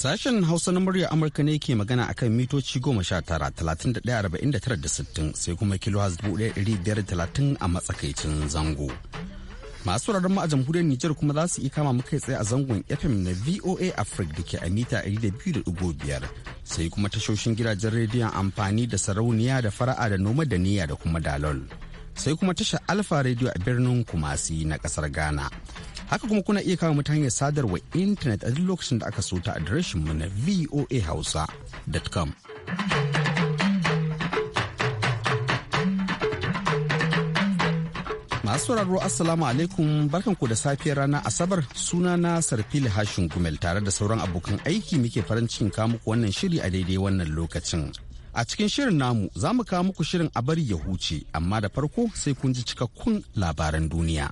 Sashen Hausa na murya Amurka ne ke magana akan mitoci goma sha tara talatin da ɗaya arba'in da tara da sittin sai kuma kilo dubu ɗaya ɗari biyar talatin a matsakaicin zango. Masu wuraren mu a jamhuriyar Nijar kuma za su iya kama mu tsaye a zangon FM na VOA Africa da ke a mita ɗari da biyu da ɗigo biyar sai kuma tashoshin gidajen rediyon amfani da sarauniya da fara'a da noma da niyya da kuma dalol. sai kuma tasha Alfa Radio a birnin Kumasi na kasar Ghana. Haka kuma kuna iya kawo mutane sadarwa intanet a duk lokacin da aka so ta adireshin mu na voahausa.com. Masu sauraro Assalamu alaikum barkanku da safiyar rana Asabar suna na Sarfili Hashin Gumel tare da sauran abokan aiki muke farin cikin kamuku wannan shiri a daidai wannan lokacin. A cikin shirin namu za mu kawo muku shirin a bari ya huce, amma da farko sai kun ji cikakkun labaran duniya.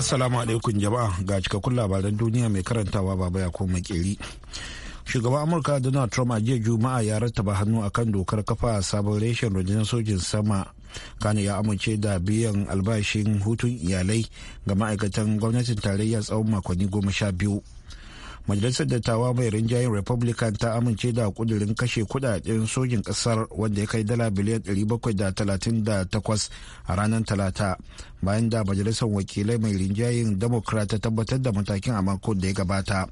Assalamu alaikum jama'a ga cikakkun labaran duniya mai karantawa baba ya koma makeri. Shugaban Amurka Donald Trump a jiya Juma'a ya rattaba hannu akan dokar kafa sabon reshen rundunar sojin sama. Kano ya amince da biyan albashin hutun iyalai ga ma'aikatan gwamnatin tarayya tsawon makonni goma sha biyu. majalisar dattawa mai rinjayen republican ta amince da kudirin kashe kudaden sojin kasar wanda ya kai dala biliyan 738 a ranar talata bayan da majalisar wakilai mai rinjayen democrat ta tabbatar da matakin a makon da ya gabata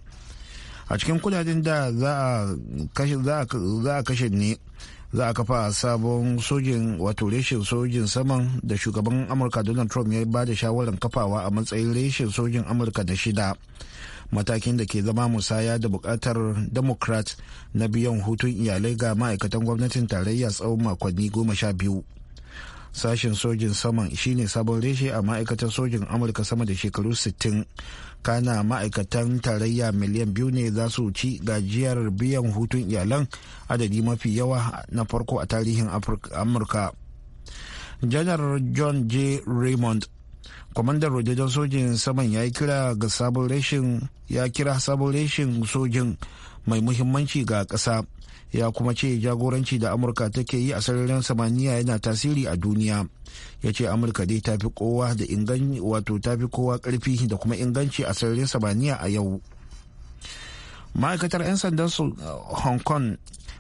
a cikin kudaden da za a kashe ne za a kafa sabon sojin wato reshen sojin saman da shugaban amurka donald trump ya ba da shawarar kafawa a matsayin reshen sojin amurka da shida matakin da ke zama musaya da bukatar democrat na biyan hutun iyalai ga ma'aikatan gwamnatin tarayya tsawon makonni goma sha biyu sashen sojin saman shine sabon reshe a ma'aikatan sojin amurka sama da shekaru 60 kana ma'aikatan tarayya miliyan biyu ne za su ci gajiyar biyan hutun iyalan adadi mafi yawa na farko a tarihin amurka janar john j raymond kwamandan rojajen sojin saman ya yi kira ga sabon reshin ya kira sabon reshin sojin mai muhimmanci ga ƙasa ya kuma ce jagoranci da amurka take yi a sararin samaniya yana tasiri a duniya ya ce amurka dai ta fi kowa da inganci wato ta kowa karfi da kuma inganci a sararin samaniya a yau ma'aikatar 'yan sandan uh, hong kong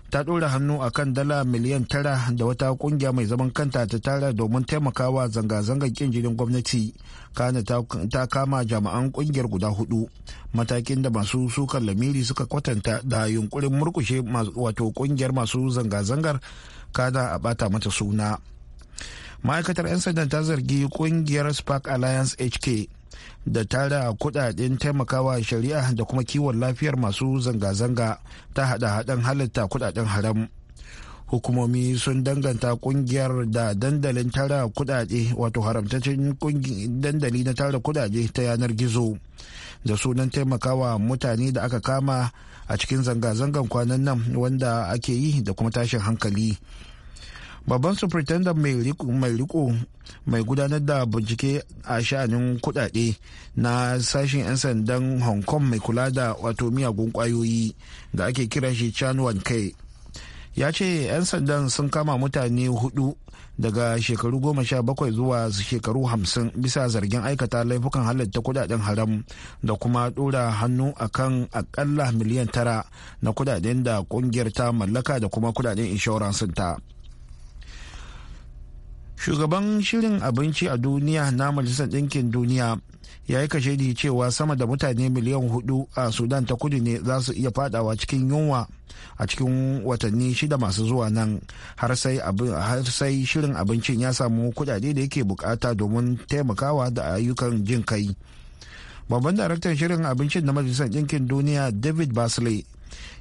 ta ɗora hannu a kan dala miliyan tara da wata ƙungiya mai zaman kanta ta tara domin taimakawa zanga-zangar kin gwamnati kana ta kama jami'an ƙungiyar guda hudu matakin da masu sukan lamiri suka kwatanta da yunkurin murkushe wato ƙungiyar masu zanga-zangar kana a bata mata suna ma'aikatar 'yan sandan ta zargi ƙungiyar spark alliance hk da tara kudaden taimakawa shari'a da kuma kiwon lafiyar masu zanga-zanga ta hada-hadan halitta kudaden haram hukumomi sun danganta kungiyar da dandalin tara kudade wato haramtaccen dandali na tara kudade ta yanar gizo da sunan taimakawa mutane da aka kama a cikin zanga-zangan kwanan nan wanda ake yi da kuma tashin hankali babban superintendent mai riko mai gudanar da bincike a sha'anin kudade na sashen 'yan sandan hong kong mai kula da wato miyagun kwayoyi da ake kiran shi chan kai ya ce 'yan sandan sun kama mutane hudu daga shekaru goma sha bakwai zuwa shekaru hamsin bisa zargin aikata laifukan halatta kudaden haram da kuma dora hannu akan akalla miliyan tara na kudaden da kungiyar ta mallaka da kuma kudaden inshoransin ta. shugaban shirin abinci a duniya na majalisar ɗinkin duniya ya yi kashedi cewa sama da mutane miliyan hudu a sudan ta kudu ne za su iya fadawa cikin yunwa a cikin watanni shida masu zuwa nan har sai shirin abincin ya samu kudade da yake bukata domin taimakawa da ayyukan jin kai babban daraktan shirin abincin na majalisar ɗinkin duniya david basley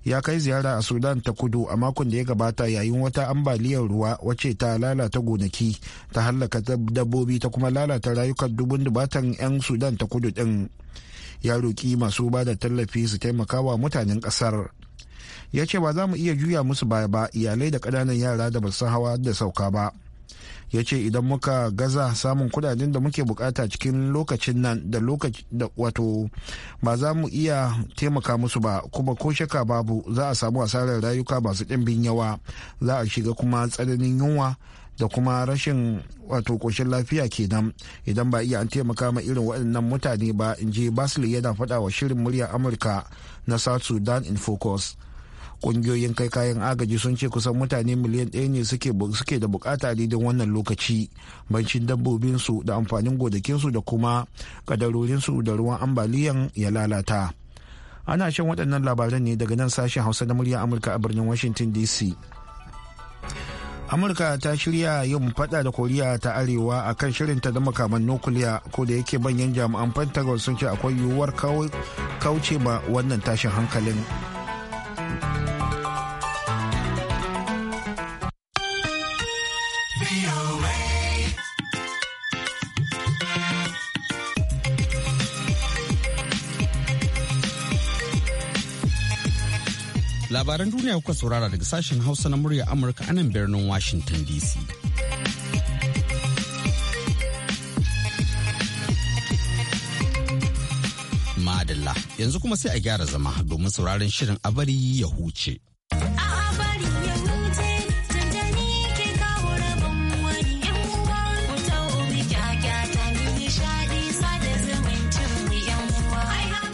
ya kai ziyara a sudan ta kudu a makon da ya gabata yayin wata ambaliyar ruwa wacce ta lalata gonaki ta hallaka dabbobi ta kuma lalata rayukan dubun dubatan 'yan sudan ta kudu din ya roƙi masu ba da tallafi su taimaka wa mutanen ƙasar ya ce ba za mu iya juya musu baya ba iyalai da ƙananan yara da basu hawa da sauka ba ya ce idan muka gaza samun kudaden da muke bukata cikin lokacin nan da lokaci da wato ba za mu iya taimaka musu ba kuma ko shaka babu za a samu asarar rayuka masu ɗimbin yawa za a shiga kuma tsananin yunwa da kuma rashin wato koshin lafiya kenan idan ba iya an taimaka ma irin waɗannan mutane ba in je basili yana faɗa wa shirin muryar amurka na south sudan in focus kungiyoyin kai kayan agaji sun ce kusan mutane miliyan ɗaya ne suke da bukata daidai wannan lokaci bancin dabbobinsu da amfanin gonakinsu da kuma kadarorinsu da ruwan ambaliyan ya lalata ana shan waɗannan labaran ne daga nan sashen hausa na murya amurka a birnin washington dc amurka ta shirya yin fada da koriya ta arewa a kan ta da makaman nukuliya ko da yake manyan jami'an pentagon sun ce akwai yiwuwar kauce ma wannan tashin hankalin labaran duniya kuka saurara daga sashen Hausa na murya Amurka a nan birnin Washington DC. Madalla yanzu kuma sai a gyara zama domin sauraron shirin abari ya huce.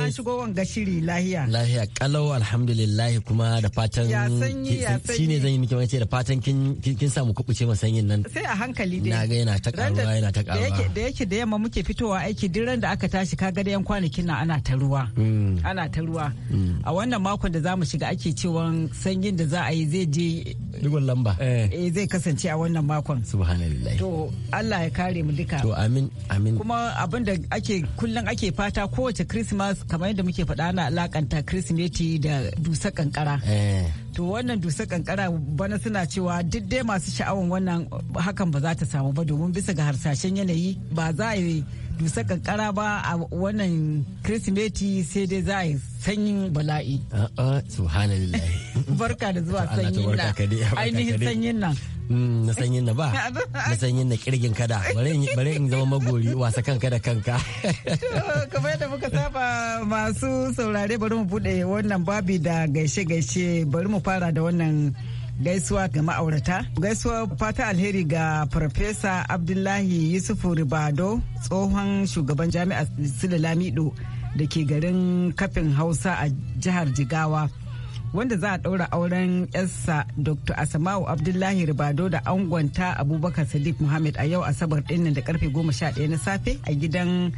an shigo wanga shiri lahiya. Lahiya kalau alhamdulillah kuma da fatan Ya ya sanyi shi ne zan yi miki wace da fatan kin samu kubuce ma sanyin nan. Sai a hankali dai. Na ga yana ta karuwa yana ta karuwa. Da yake da yamma muke fitowa aiki duk ran da aka tashi kaga da yan kwanakin nan ana ta ruwa. Hmm. Ana ta ruwa. Hmm. A wannan makon da zamu shiga ake cewa sanyin da za a yi zai je. Digon lamba. Eh, eh zai kasance a wannan makon. Subhanallah. To Allah ya kare mu duka. To amin amin. Kuma abin da ake kullum ake fata kowace Christmas kamar yadda muke faɗa na alakanta kirsimeti da dusa kankara eh. to wannan dusa kankara bana suna cewa duk dai masu sha'awan wannan hakan ba za ta samu ba domin bisa ga harsashen yanayi ba za a yi dusa kankara ba a wannan kirsimeti sai dai za a yi sanyin bala'i barka da zuwa sanyin nan ainihin sanyin nan mm, na sanyin na ba na sanyin na kirgin kada bare in zama magori wasa kanka da kanka kamar yadda muka saba masu saurare bari mu bude wannan babi da gaishe gaishe bari mu fara da wannan gaisuwa ga ma'aurata gaisuwa fata alheri ga farfesa abdullahi yusufu ribado tsohon shugaban jami'ar silalamido lamido da ke garin kafin hausa a jihar jigawa wanda za a ɗaura auren yarsa dr asama'u abdullahi ribado da angonta abubakar sadiq muhammad a yau asabar ɗinnan da karfe 11 na safe a gidan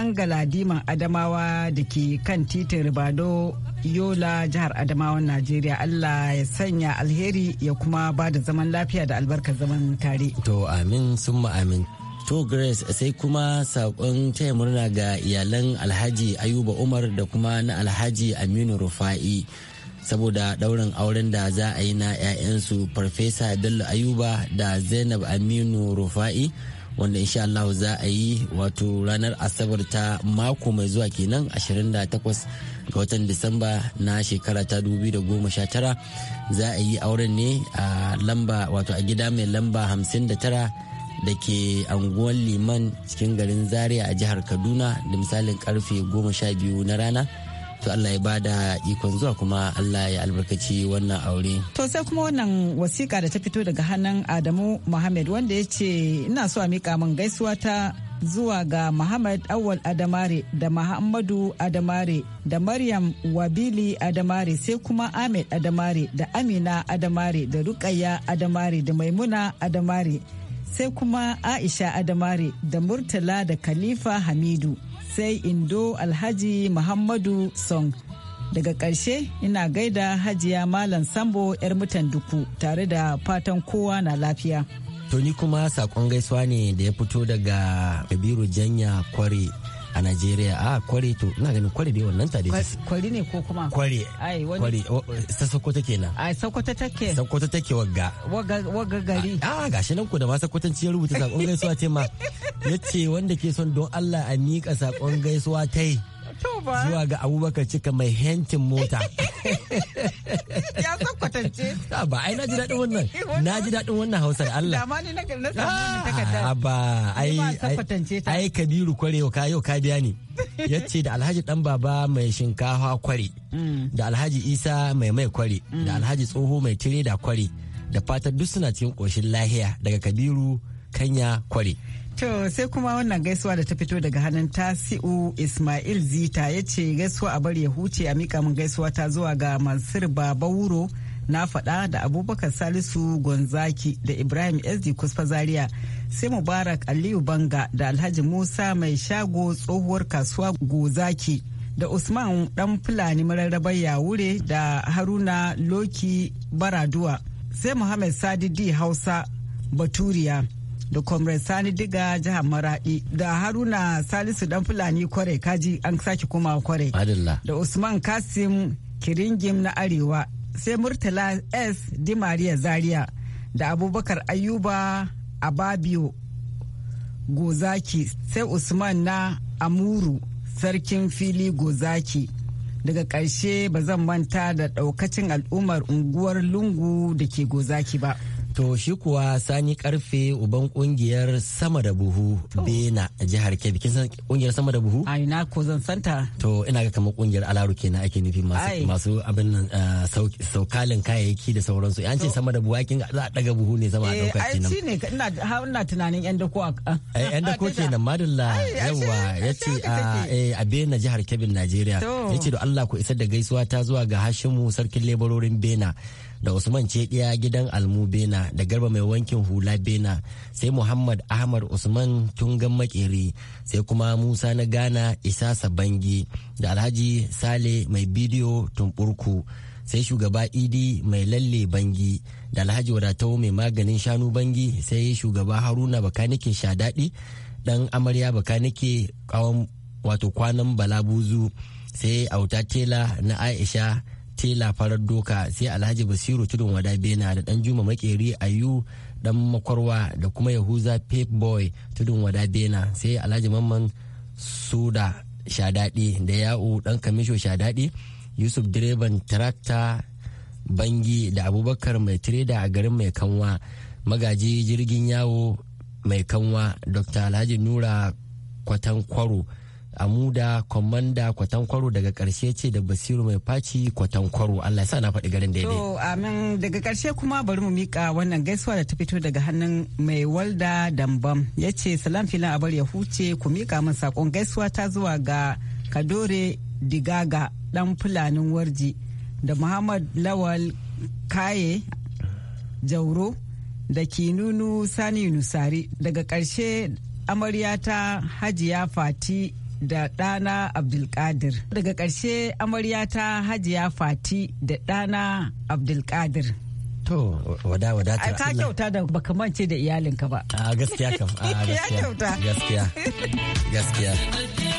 an galadiman adamawa da ke kan titin ribado yola jihar adamawan najeriya allah ya sanya alheri ya kuma ba da zaman lafiya da albarkar zaman tare to amin sun amin to grace sai kuma saƙon taya murna ga iyalan alhaji ayuba umar da kuma na alhaji aminu rufa'i saboda daurin auren da za a yi na 'ya'yansu farfesa bello ayuba da zainab aminu rufa'i wanda insha Allah za a yi wato ranar asabar ta mako mai zuwa kenan 28 ga watan disamba na shekara ta 2019 za a yi auren ne a lamba wato a gida mai lamba 59 da ke anguwan liman cikin garin zaria a jihar kaduna da misalin karfe 12 na rana to Allah ya bada ikon zuwa kuma Allah ya albarkaci wannan aure to sai kuma wannan wasiƙa da ta fito daga hannun Adamu Muhammad wanda ya ce ina so a miƙa min gaisuwa ta zuwa ga Muhammad Awal Adamare da Muhammadu Adamare da Maryam Wabili Adamare sai kuma Ahmed Adamare da Amina Adamare da Rukayya Adamare da Maimuna Adamare sai kuma Aisha Adamare da Murtala da Khalifa Hamidu. sai indo alhaji muhammadu song daga ƙarshe ina gaida hajiya malam sambo 'yar mutan duku tare da fatan kowa na lafiya to ni kuma sakon gaisuwa ne da ya fito daga kabiru janya kware a Najeriya a ah, kware to ina ganin kware dai wannan tare kware ne ko kuma kware ai wani kware ta Sokoto kenan ai Sokoto take Sokoto take wagga wagga gari a ah, ah, gashi nan ku da ma Sokotanci ya rubuta sakon gaisuwa ce ma yace wanda ke son don Allah a miƙa sakon gaisuwa tai zuwa ga Abubakar cika mai hentin mota ya san kwatance ba ai na ji daɗin wannan na ji daɗin wannan hausar Allah da ma ni na na samu ah, wannan takarda ba ai ai Kabiru kwarewa ka yau ka biya ni Ya ce da Alhaji dan baba mai shinkafa kware mm. da Alhaji Isa mai mai kware da mm. Alhaji tsoho mai tire da kware da fatan duk suna cikin ƙoshin lahiya daga Kabiru Kanya kware To sai kuma wannan gaisuwa da ta fito daga hannun tasi'u Ismail Zita ya ce gaisuwa a bari ya huce a mika min gaisuwa ta zuwa ga Mansur wuro na faɗa da Abubakar Salisu Gonzaki da Ibrahim SD Kusfa Zaria sai Mubarak Aliyu Banga da Alhaji Musa mai shago tsohuwar kasuwa Gozaki da Usman dan Fulani mararrabar Yawure da Haruna Loki Baraduwa sai Muhammad sadidi Hausa Baturiya. da comrade sani diga jihar maradi da haruna salisu dan fulani kware kaji an sake kuma kware da usman kasim kiringim na arewa sai murtala s di maria zaria da abubakar ayuba ababio gozaki sai usman na amuru sarkin fili gozaki daga ƙarshe ba zan manta da ɗaukacin al'ummar unguwar lungu da ke gozaki ba To shi kuwa sani karfe uban kungiyar sama da buhu bena jihar Kebbi. Kin san kungiyar sama da buhu? A ina ko zan santa. To ina ga kamar kungiyar alaru kenan ake nufi masu masu abin nan eh, saukalin kayayyaki da sauransu. An ce sama da buhu kin za a daga buhu ne sama a dauka eh, kenan. Eh ai ne ina ina tunanin yan dako a yan eh, dako kenan madalla yawa yace a a bena jihar Kebbi Najeriya. Yace da Allah ku isar da gaisuwa ta zuwa ga Hashimu sarkin lebarorin bena da Usman Cediya gidan Almu bena da garba mai wankin hula bena sai muhammad ahmad usman tungan makeri sai kuma musa na ghana isa bangi, da alhaji sale mai bidiyo tumburku sai shugaba idi mai lalle bangi da alhaji wadatau mai maganin shanu bangi sai shugaba haruna bakanike shadadi dan amarya bakanike wato kwanan balabuzu sai auta tela na aisha tela farar doka sai alhaji basiru tudun wada bena da dan juma makeri ayu dan makwarwa da kuma yahuza boy tudun wada bena sai alhaji mamman suda shadaɗi da ya'u dan kamisho shadaɗi yusuf direban tarakta bangi da abubakar mai tireda a garin mai kanwa magaji jirgin yawo mai kanwa dr alhaji nura kwatankwaro kwaro amuda kwamanda kwatankwaro daga karshe ce da basiru mai faci kwatankwaro allah sa na faɗi garin daidai to amin daga karshe kuma bari mu mika wannan gaisuwa da ta fito daga hannun mai walda dambam ya ce salam filan abar ya huce ku mika min sakon gaisuwa ta zuwa ga kadore digaga dan fulanin warji da muhammad lawal kaye jauro da kinunu sani nusari daga karshe ta hajiya fati da ɗana abdulkadir daga ƙarshe amarya ta hajiya fati da ɗana abdulkadir To, wada wada. ta Ka kyauta da baka mance da iyalinka ba. A gaskiya kam. A gaskiya. Gaskiya. Gaskiya.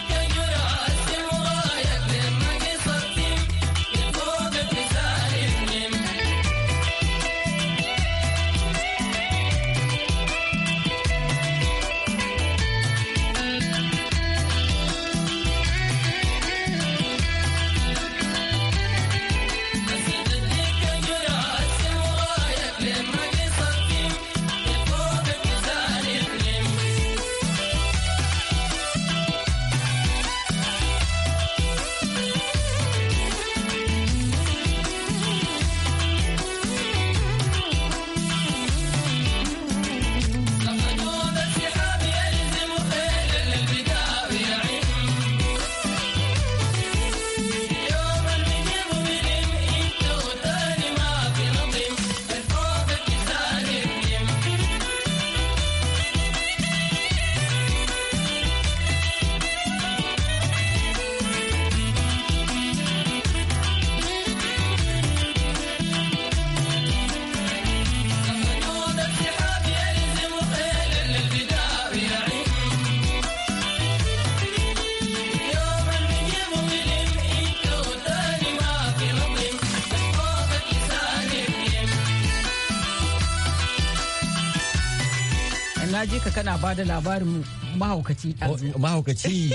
ka kana ba da labarin mahaukaci oh, mahaukaci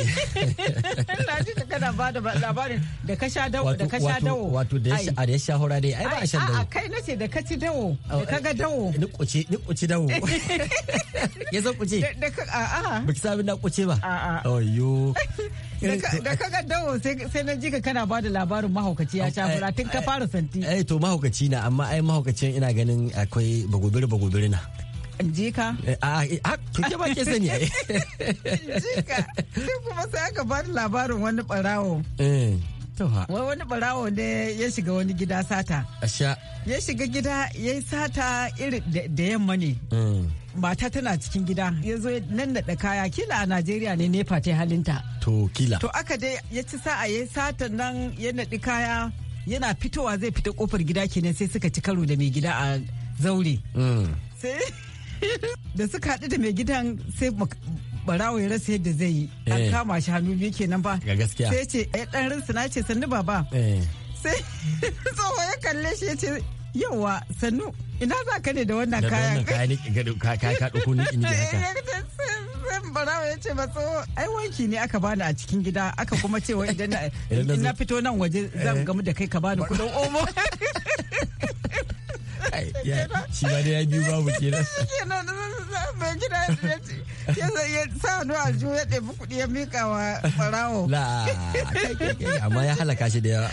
na ji ka kana ba da labarin da ka sha dawo da ka sha dawo wato da ya sha hura dai ai ba a shan dawo a kai ce da ka ci dawo da oh, ka ga dawo ni kuce ni kuce dawo ya san kuce da ka a a ba ki sami da kuce ba a a ayyo da ka ga dawo sai na ji ka kana ba da labarin mahaukaci ya sha hura tun ka fara santi eh to mahaukaci na amma ai mahaukacin ina ganin akwai bagubiri bagubiri na jika eh, a to ke ba ke sani ai jika sai kuma sai aka bani labarin wani barawo eh, Wai wani barawo ne ya shiga wani gida sata. Asha. Ya shiga gida ya yi sata iri da yamma ne. Eh. Mata tana cikin gida ya zo nan da kaya kila a Najeriya ne nefa ta halinta. To kila. To aka dai ya ci sa'a ya yi sata nan ya naɗi kaya yana fitowa zai fita kofar gida kenan sai suka ci karo da mai gida a zaure. Mm. Sai da suka haɗu da mai gidan sai barawo ya rasa yadda zai yi an eh. kama shi hannu biyu kenan ba sai ce ya eh, dan rinsa na ce sannu baba eh. sai tsoho ya kalle shi ya ce yawa sannu ina za ka ne da wannan kayan kaya ka ɗauko ni ne haka barawa ya ce matso ai wanki ne aka bani a cikin gida aka kuma ce wai idan na fito nan waje zan gamu da kai ka bani kudin omo yeah, she might have be wrong with you. ya sa hannu a ju ya ɗebi kuɗi ya mika wa ɓarawo. La, amma ya halaka shi da yawa.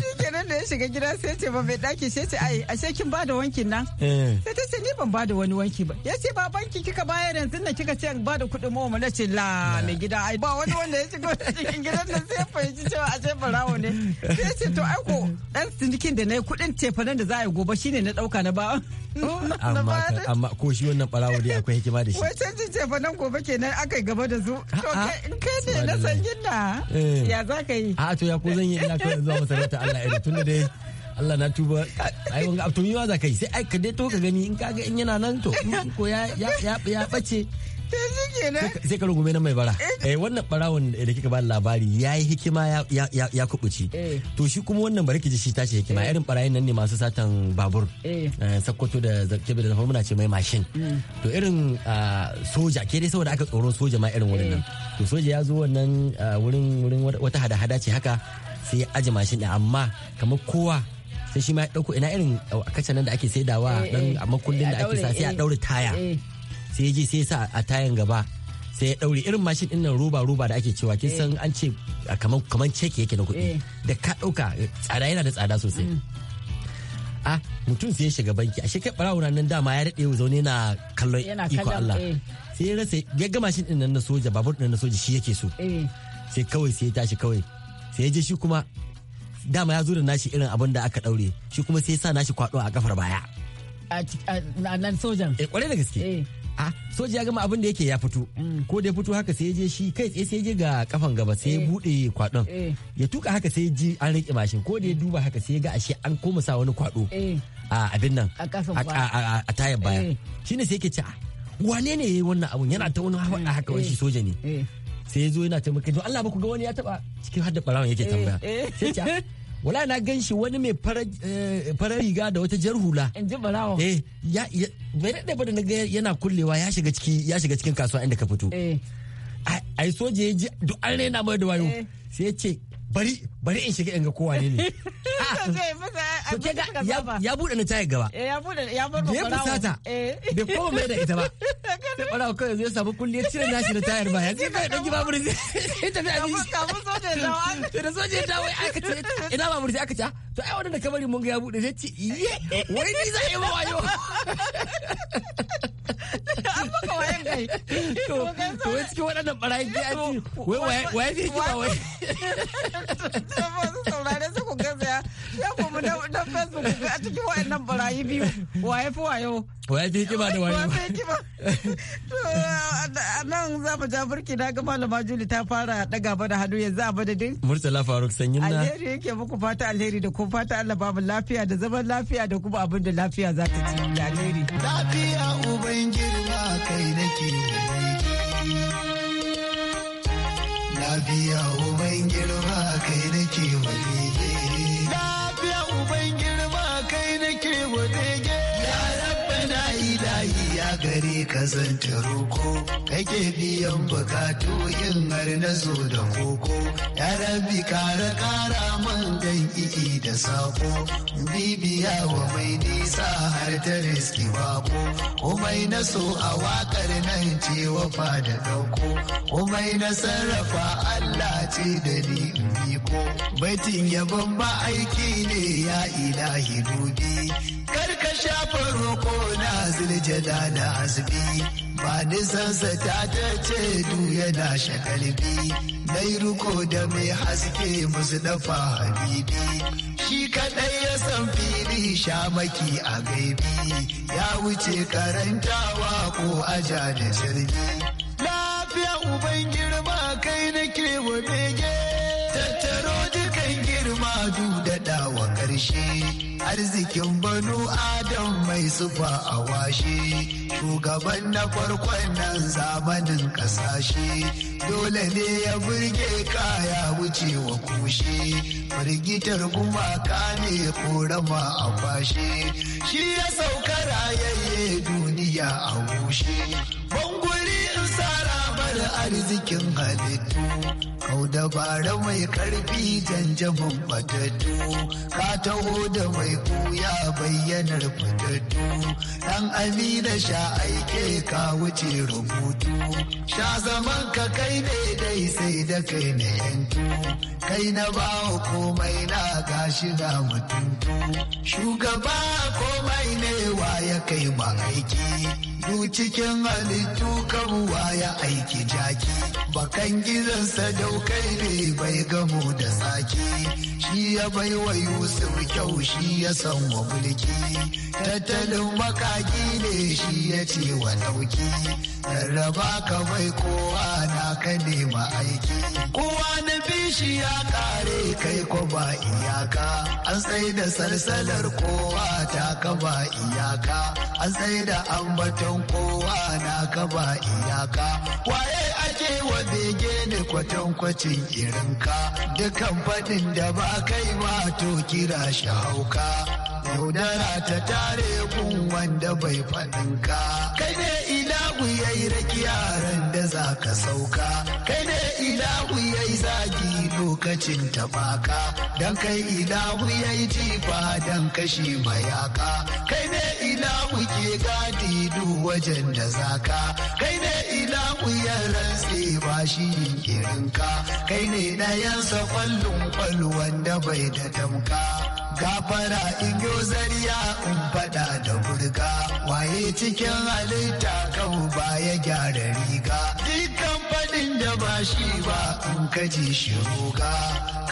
Shi kenan da ya shiga gida sai ce ba mai ɗaki sai ce ai ashe kin bada wankin nan. Eh. Sai ta ce ni ban bada wani wanki ba. Ya ce ba banki kika bayar yanzu na kika ce ba da kuɗin mu na ce la mai gida ai ba wani wanda ya shiga cikin gidan nan sai fahimci cewa ashe ɓarawo ne. Sai ce to ai ko ɗan sindikin da na yi kuɗin tefanen da za a yi gobe shine na ɗauka na ba. Amma ko shi wannan ɓarawo dai akwai hikima da shi. Wai canjin ce fa nan gobe kenan aka gaba da zu. To kai ne na san gina. Eh. Ya za ka yi? A'a to ya ko zan yi ina kawai zuwa masarauta Allah ya tunda dai Allah na tuba ai wanga abtun yawa za ka yi sai ai ka dai to ka gani in kaga in yana nan to ko ya ya ya bace sai ka rungume na mai bara eh. eh wannan barawon da kika ba labari ya yi hikima ya kubuci eh. to shi kuma wannan bari ki ji shi tashi hikima eh. irin barayin nan ne masu satan babur sakkwato da zarkebe da muna ce mai mashin hmm. to irin ah, soja ke dai saboda aka tsoron soja ma irin wurin nan to soja ya zo wannan ah, wurin wurin wata hada-hada ce haka sai ya aji mashin din amma kamar kowa sai shi ma ya dauko ina irin ah, kacanan nan da ake saidawa dan makullin da ake sa sai a daure taya sai je sai sa a tayan gaba sai ya daure irin mashin din nan roba roba da ake cewa kin eh. san an ce kamar kamar ceki yake na kuɗi eh. da ka ɗauka tsada yana da tsada sosai mm. a mutum sai ya shiga banki a shekai barawo nan dama ya daɗe zaune na kallon iko Allah eh. sai ya rasa ya ga mashin din nan na soja babur din na soja shi yake so sai kawai sai ya tashi kawai sai ya je shi kuma dama ya zo da nashi irin abin da aka daure shi kuma sai ya sa nashi kwaɗo a kafar baya a nan sojan eh kwarai da gaske a soja ya gama abin da yake ya fito mm. ko da ya fito haka sai ya je shi kai tsaye sai je ga kafan gaba sai ya eh. bude kwadon eh. ya tuka haka sai ji an rike mashin ko da ya mm. duba haka sai ya ga ashe an koma sa wani kwado eh. a abin nan a tayar baya shine sai yake ce ah, wane ne yayi wannan abun yana ta wani hawa mm. haka wani shi soja ne sai ya zo yana ta maka Allah ba ku ga wani ya taba cikin hadda barawan yake tambaya sai ce ah, wala na gan shi wani mai eh, farar riga da wata jar hula in ji eh ya bai da ba na ga yana kullewa ya shiga ciki ya cikin kasuwa inda ka fito eh ai soja ya ji duk an raina mai da wayo eh. sai ya ce bari in shiga in ga kowa ne ya bude na tayar gaba eh, ya ya bar ya fusata eh. bai mai da ita ba sai barawa kawai zai samu kulli ya cire nashi na tayar ba ya ce kai ɗauki babur sai tafi a jiki ka soja soje da wani da soje da wai aka ce ina ba sai aka ce ah, to ai wannan da kamari mun ga ya bude sai ce ye wai ni za a yi mawa yau to wai cikin waɗannan wai zai ji ba wai tambaya shafin mu na facebook a cikin wayannan barayi biyu waye fi wayo waye fi hikima da wayo waye hikima to nan za mu ja burki na ga malama juli ta fara daga ba da hannu yanzu a madadin murtala faruk sanyin na alheri yake muku fata alheri da kuma fata Allah babu lafiya da zaman lafiya da kuma abin da lafiya za ta ci da alheri lafiya uban girma kai nake lafiya uban girma kai nake wani gari ka zanta roko kake biyan bukatu yin har na zo da koko ya rabi kara kara man dan iki da sako bibiya wa mai nisa har ta riski bako komai na so a wakar nan ce wafa da dauko komai na sarrafa Allah ce da ni in ko baitin yabon ba aiki ne ya ilahi dubi ka shafa roƙo na ziljada da hasbi ba nisansa ta ta ce du yana shakalbi dai ruko da mai haske musu dafa habibi shi kaɗai ya san fili shamaki a gaibi ya wuce karantawa ko aja da sirgi lafiya uban girma kai nake wa bege tattaro dukan girma du da dawa ƙarshe arzikin banu adam mai zuba a washe shugaban na farkon nan zamanin kasashe dole ne ya burge kaya wuce wa kushe firgitar gumaka ne korama a kwashe shi ya sauka rayayye duniya a bushe arzikin halittu kau dabara mai karfi janjamin fatattu ka taho da mai kuya bayyanar fatattu dan amina sha aike ka wuce rubutu sha zaman ka kai daidai sai da kai na yantu kai na bawa komai na shi a mutuntu shugaba komai ne wa ya kai ma aiki du cikin halittu kabuwa ya aiki jaki bakan gizansa daukai ne bai gamo da sake shi ya baiwa Yusuf kyau shi ya san wa mulki tattalin makaki ne shi ya ce wa dauki rarraba ka bai kowa na ka nema aiki kowa na shi ya kare kai ko ba iyaka an sai da sarsalar kowa ta ka ba iyaka an sai da ambaton kowa na ka ba iyaka waye ake wa bege ne kwatankwacin irinka dukkan faɗin da ba kai ma to kira shi hauka yaudara ta tare kun wanda bai ka kai ne ilahu yayi raki yaran da za ka sauka kai ne ilahu yayi zagi lokacin tabaka dan kai ilahu yayi jifa dan kashi mayaka kai ne ilahu ke gadi duk wajen da zaka kai ne ilahu yaran ba shi kirinka kai ne ɗayansa kwallon kwallo wanda bai da tamka gafara in yo zariya in fada da burga waye cikin halitta ba ya gyara riga dukkan fadin da ba shi ba in ka ji shi roga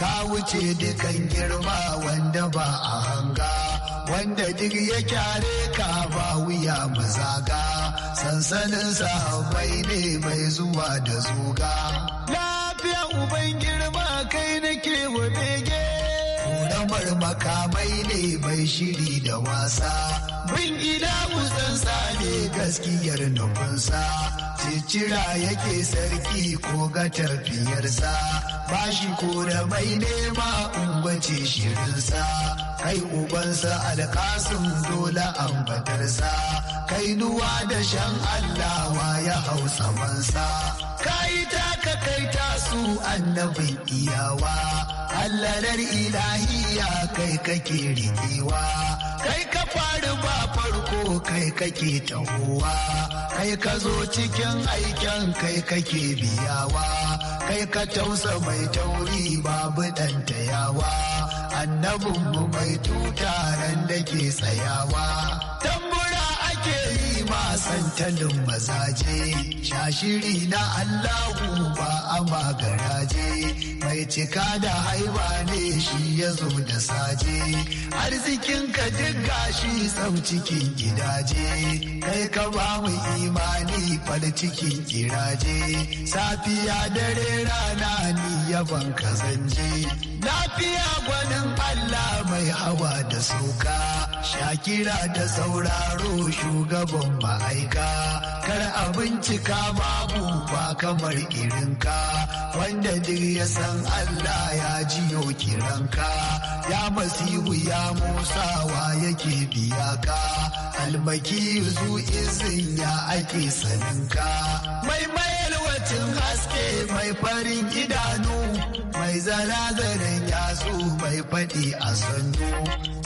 ka wuce dukan girma wanda ba a hanga wanda duk ya kyare ka ba wuya mazaga sansanin sahabbai ne mai zuwa da zuga lafiya uban girma kai nake wa bege koramar makamai ne mai shiri da wasa bin gida kusansa ne gaskiyar nufinsa cicira yake sarki ko ga tafiyarsa ba shi ko da mai nema ungwace shirinsa kai ubansa alkasim dole ambatarsa kai nuwa da shan Allah ya hausa mansa kai taka kai su annabin iyawa allalar ilahiya kai kake rigewa kai ka faru ba farko kai kake tahowa kai ka zo cikin aikin kai kake biyawa kai ka tausa mai tauri babu ɗantayawa annabinmu mai tuta ran da ke tsayawa san talin mazaje shashiri na allahu ba a magaraje mai cika da haiba ne shi ya zo da saje arzikin ka dinga shi tsau cikin gidaje kai ka ba mu imani far cikin kiraje safiya dare rana ni yaban ka zanje lafiya gwanin Allah mai hawa da sauka shakira da sauraro shugaban ma'aika kar a bincika babu ba kamar irinka wanda duk ya san Allah ya jiyo kiranka ya masihu ya musawa yake biya ka almaki zu izin ya ake saninka mai mayar haske mai farin idanu mai ya yatsu mai faɗi a sannu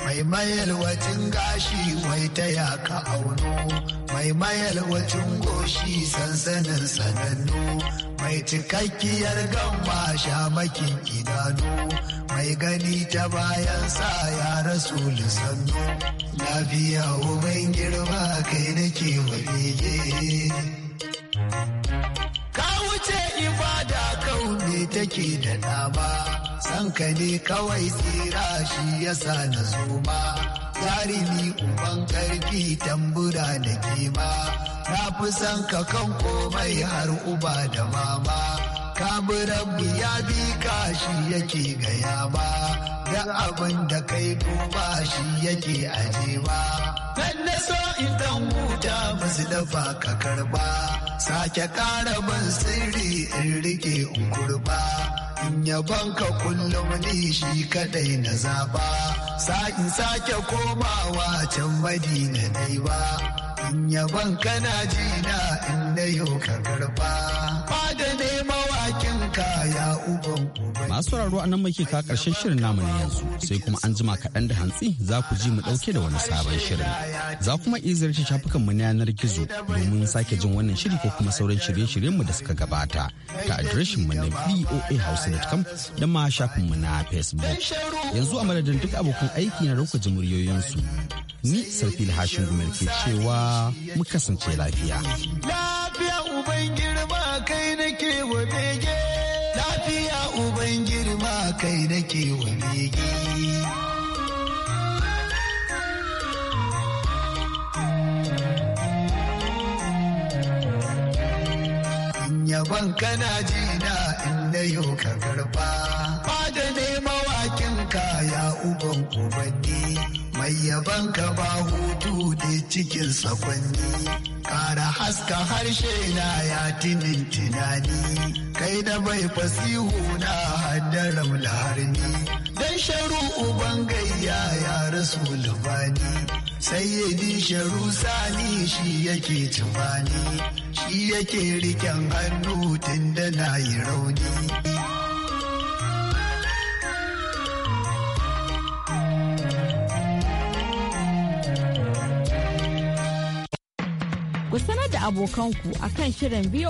mai mayalwacin gashi mai taya ka auno mai mayalwacin goshi sansanin sanannu mai cikakkiyar gamba shamakin idanu mai gani ta bayan sa ya rasu lisanu lafiya uban girma kai nake wa ce ibada kauni take da dama san ka ne kawai tsira shi ya sa na zoma zarimi uban karfi tambura da kima na fi san ka kan komai har uba da mama kabu rabbi ya bi ka shi yake gaya ba da abin da kai kuma shi yake ajewa Kanna na so idan dan huta musu dafa ka karba sake ƙara ban sirri in rike in kurba in yaban ka kullum ni shi kadai na zaba sai sake komawa can madina dai ba in yaban na jina in na yau ka karba fada ne mawakin kaya Masu sauraro a nan muke ka karshen shirin namu na yanzu sai kuma an jima kaɗan da hantsi za ku ji mu ɗauke da wani sabon shirin. Za kuma iya ziyarci shafukan mu na yanar gizo domin sake jin wannan shiri ko kuma sauran shirye-shiryen mu da suka gabata ta adireshin mu na voahouse.com da ma shafin mu na Facebook. Yanzu a madadin duk abokan aiki na rauka ji su Ni Sarfil Hashin Gumel ke cewa mu kasance lafiya. Lafiya uban girma kai nake wa bege. lafiya uban girma kai nake wani bege yaban kana na, in na yau ka garba ba da ne mawakin kaya uban ubanni mai yaban ka ba hutu da cikin sakwanni kara haska harshe na ya tinin tunani kai da bai fasihu na haddaram laharni dan sharu uban gayya ya rasu lubani sayyidi sharu sani shi yake tumani shi yake riken hannu tun na yi rauni ku sanar da abokanku akan shirin biyo